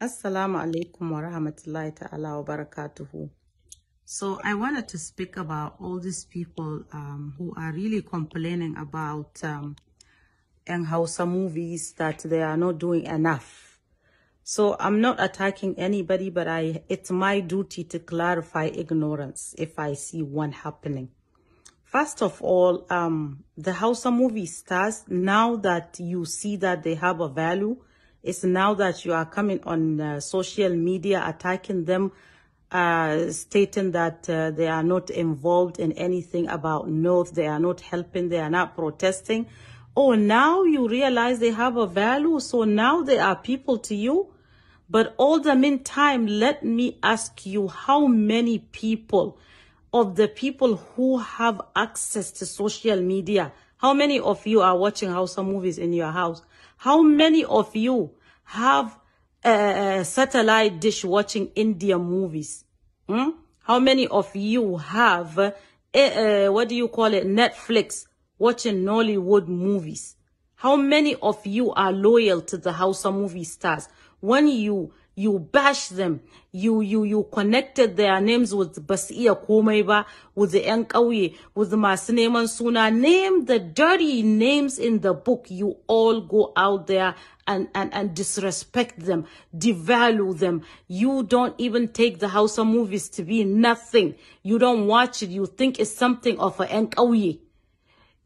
Assalamu alaikum wa ta'ala wa barakatuhu. So I wanted to speak about all these people um, who are really complaining about um, how Hausa movies that they are not doing enough. So I'm not attacking anybody, but I it's my duty to clarify ignorance if I see one happening. First of all, um, the Hausa movie stars, now that you see that they have a value, it's now that you are coming on uh, social media, attacking them, uh, stating that uh, they are not involved in anything about North, they are not helping, they are not protesting. Oh, now you realize they have a value, so now they are people to you. But all the meantime, let me ask you how many people of the people who have access to social media, how many of you are watching Hausa movies in your house? How many of you have satellite dish watching Indian movies? Hmm? How many of you have, what do you call it, Netflix watching Nollywood movies? How many of you are loyal to the Hausa movie stars? When you, you bash them, you you you connected their names with basu iya with the enkawi with masu neman suna name the dirty names in the book you all go out there and, and, and disrespect them, devalue them. You don't even take the House of movies to be nothing. You don't watch it. You think it's something of an enkawi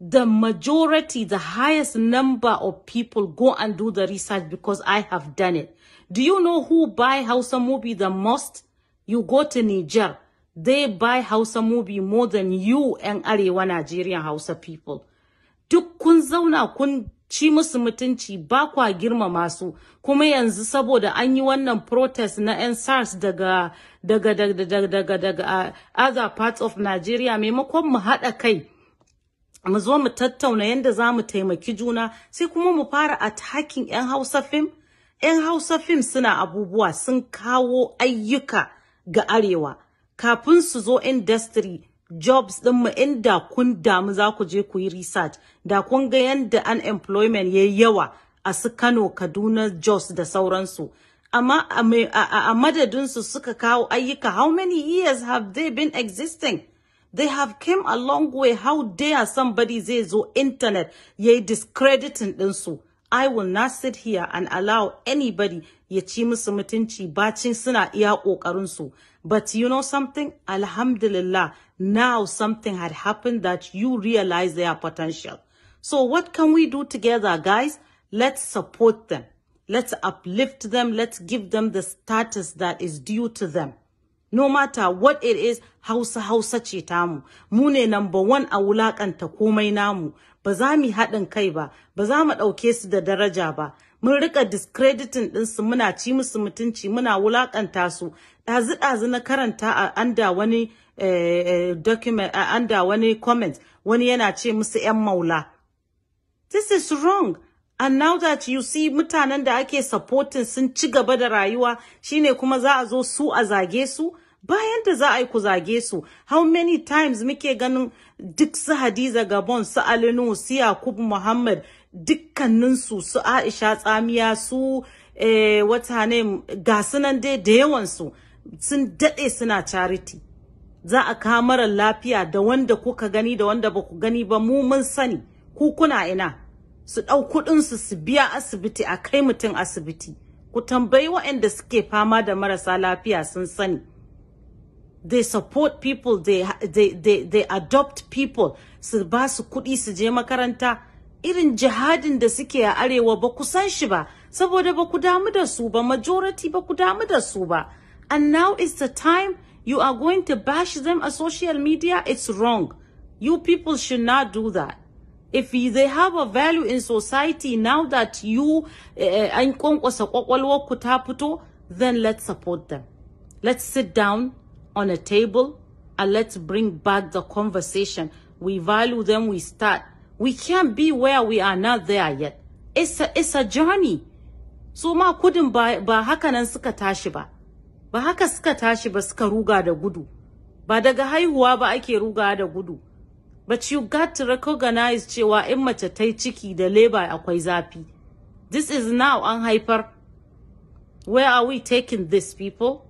the majority, the highest number of people go and do the research because I have done it. Do you know who buy Hausa movie the most? You go to Niger. They buy Hausa movie more than you and Arewa Nigerian Hausa people. Duk kun zauna kun ci musu mutunci ba kwa kume su kuma yanzu saboda an yi wannan protest na yan SARS daga daga daga daga daga uh, other parts of Nigeria maimakon mu haɗa kai mu zo mu tattauna yadda za mu taimaki juna sai kuma mu fara takin 'yan hausa fim 'yan hausa fim suna abubuwa sun kawo ayyuka ga arewa kafin su zo industry jobs ɗinmu inda kun damu za ku je ku yi research da kun ga yadda unemployment ya yawa a su kano kaduna jos da sauransu amma a madadinsu suka kawo ayyuka how many years have they been existing They have came a long way. How dare somebody say so internet, ye discrediting them so. I will not sit here and allow anybody ye ci musu baching sina suna iya But you know something? Alhamdulillah, now something had happened that you realize their potential. So what can we do together, guys? Let's support them. Let's uplift them. Let's give them the status that is due to them. no matter what it is hausa hausa ce tamu mu ne number one a wulakanta komai namu ba za mu haɗin kai ba ba za mu ɗauke su da daraja ba mun rika discrediting ɗinsu muna ci musu mutunci muna wulakanta su ɗazu ɗazu na karanta a anda wani eh, eh, document a anda wani comment wani yana ce musu 'yan maula this is wrong And now that you see mutanen da ake supporting sun ci gaba da rayuwa shine kuma za a zo su a zage su bayan da za a yi ku zage su how many times muke ganin duk su Hadiza Gabon su Alinu su Yakub Muhammad dukkanin su Aisha Tsamiya su eh, wata ne ga sunan dai da yawan sun dade suna charity za a kawo lafiya da wanda kuka gani da wanda ba ku gani ba mu mun sani ku kuna ina su ɗau kuɗinsu su biya asibiti a kai mutum asibiti ku tambayi waɗanda suke fama da marasa lafiya sun sani they support people they, they, they, they adopt people su ba su kuɗi su je makaranta irin jihadin da suke a arewa ba ku san shi ba saboda ba ku damu da su ba majority ba ku damu da su ba and now is the time you are going to bash them on social media it's wrong you people should not do that if they have a value in society now that you eh, eh, an then let's support them let's sit down on a table and let's bring back the conversation we value them we start we can't be where we are not there yet it's a, it's a journey So ma kudin ba, ba haka nan suka tashi ba ba haka suka tashi ba suka ruga da gudu ba daga haihuwa ba ake ruga da gudu but you got to recognize cewa in mace ta ciki da labor akwai zafi. This is now an hyper. Where are we taking this, people?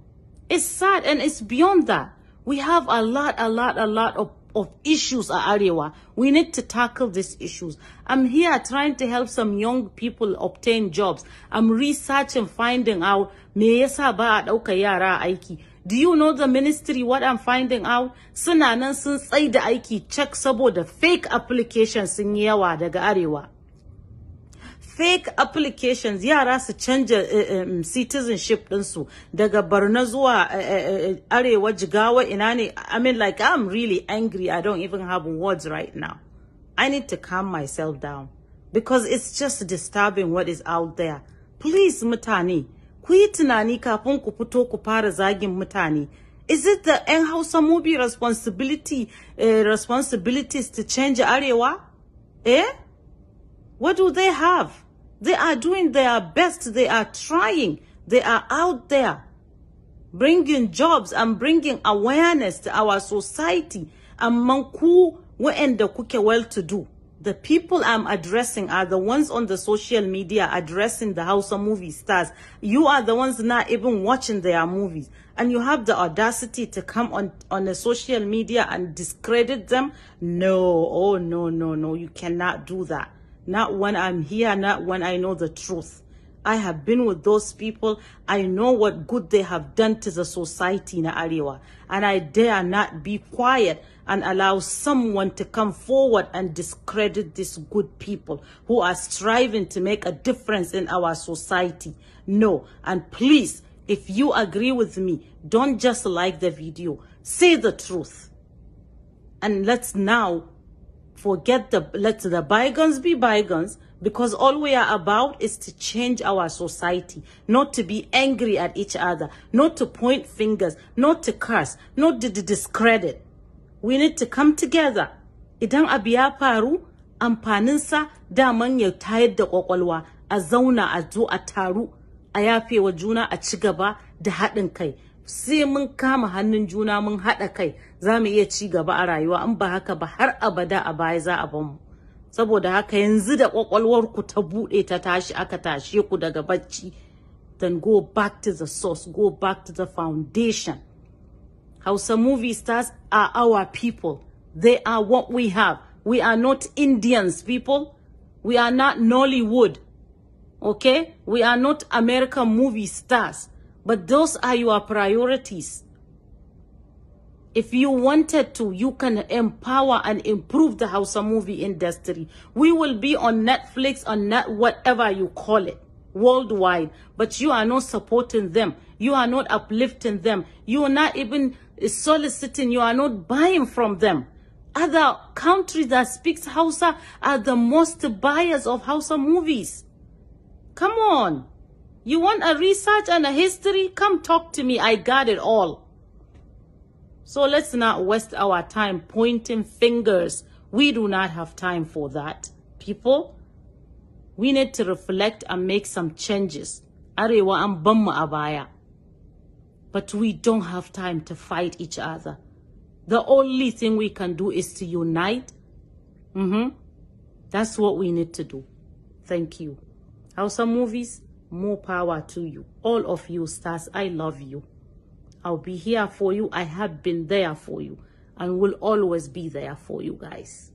It's sad and it's beyond that. We have a lot, a lot, a lot of, of issues at Arewa. We need to tackle these issues. I'm here trying to help some young people obtain jobs. I'm researching, finding out me yasa ba yara aiki. Do you know the ministry? What I'm finding out? Suna nan sun tsai da aiki check saboda fake applications sun yi yawa daga arewa. Fake applications yara su canja eh, eh, mm, citizenship ɗinsu daga Borno zuwa eh, arewa jigawa ina ne. I mean like I'm really angry. I don't even have words right now. I need to calm myself down because it's just disturbing what is out there. Please mutani ku tunani kafin ku fito ku fara zagin mutane is it the yan hausa movie responsibility uh, responsibilities to change arewa eh what do they have they are doing their best they are trying they are out there bringing jobs and bringing awareness to our society among ku wa'anda kuke well to do the people I'm addressing are the ones on the social media addressing the Hausa movie stars. You are the ones not even watching their movies. And you have the audacity to come on, on the social media and discredit them? No, oh no, no, no, you cannot do that. Not when I'm here, not when I know the truth. I have been with those people. I know what good they have done to the society in Ariwa. And I dare not be quiet and allow someone to come forward and discredit these good people who are striving to make a difference in our society. No. And please, if you agree with me, don't just like the video. Say the truth. And let's now forget the, let the bygones be bygones because all we are about is to change our society, not to be angry at each other, not to point fingers, not to curse, not to discredit. we need to come together idan abu ya faru amfaninsa daman ya tayar da kwakwalwa a zauna a zo a taru a yafewa juna a ci gaba da haɗin kai sai mun kama hannun juna mun haɗa kai za mu iya ci gaba a rayuwa in ba haka ba har abada a baya za a bamu saboda haka yanzu da ku ta buɗe ta tashi aka tashe ku daga bacci then go back to the source go back to the foundation Hausa movie stars are our people. They are what we have. We are not Indians, people. We are not Nollywood. Okay? We are not American movie stars. But those are your priorities. If you wanted to, you can empower and improve the Hausa movie industry. We will be on Netflix, or net, whatever you call it, worldwide. But you are not supporting them. You are not uplifting them. You are not even is soliciting, you are not buying from them. Other countries that speaks Hausa are the most buyers of Hausa movies. Come on. You want a research and a history? Come talk to me. I got it all. So let's not waste our time pointing fingers. We do not have time for that. People, we need to reflect and make some changes. Arewa an banmu a baya. But we don't have time to fight each other. The only thing we can do is to unite. Mm-hmm. That's what we need to do. Thank you. Hausa movies, more power to you. All of you stars, I love you. I'll be here for you. I have been there for you and will always be there for you guys.